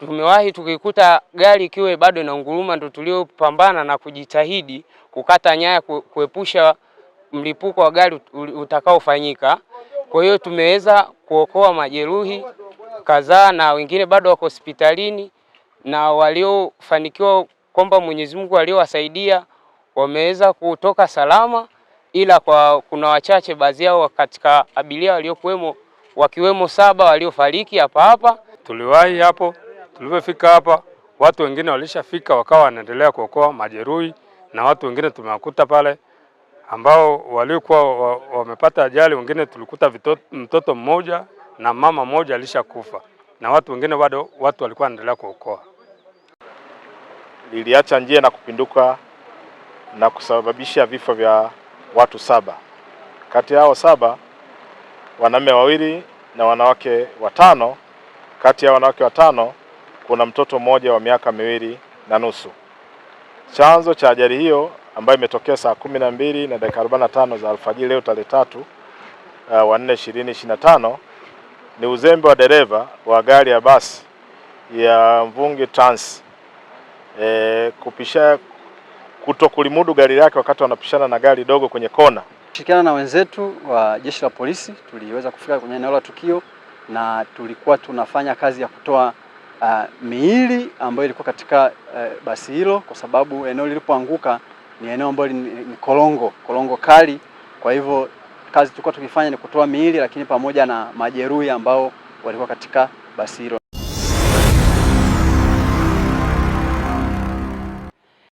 tumewahi tukikuta gari ikiwa bado inaunguruma, ndo tuliopambana na kujitahidi kukata nyaya kuepusha mlipuko wa gari utakaofanyika. Kwa hiyo tumeweza kuokoa majeruhi kadhaa na wengine bado wako hospitalini, na waliofanikiwa kwamba Mwenyezi Mungu aliowasaidia wameweza kutoka salama, ila kwa kuna wachache baadhi yao katika abiria waliokuwemo wakiwemo saba waliofariki hapa hapa tuliwahi hapo. Tulivyofika hapa, watu wengine walishafika wakawa wanaendelea kuokoa majeruhi, na watu wengine tumewakuta pale ambao walikuwa wamepata ajali. Wengine tulikuta mtoto mmoja na mama mmoja alishakufa, na watu wengine bado watu walikuwa wanaendelea kuokoa. Liliacha njia na kupinduka na kusababisha vifo vya watu saba. Kati yao saba wanaume wawili na wanawake watano. Kati ya wanawake watano kuna mtoto mmoja wa miaka miwili na nusu. Chanzo cha ajali hiyo ambayo imetokea saa kumi na mbili na dakika arobaini na tano za alfajiri leo tarehe tatu uh, wa nne ishirini ishirini na tano ni uzembe wa dereva wa gari ya basi ya Mvungi Trans e, kupisha kuto kulimudu gari lake wakati wanapishana na gari dogo kwenye kona. Shirikiana na wenzetu wa jeshi la polisi tuliweza kufika kwenye eneo la tukio na tulikuwa tunafanya kazi ya kutoa uh, miili ambayo ilikuwa katika uh, basi hilo, kwa sababu eneo lilipoanguka ni eneo ambalo ni, ni korongo korongo kali. Kwa hivyo kazi tulikuwa tukifanya ni kutoa miili, lakini pamoja na majeruhi ambao walikuwa katika basi hilo.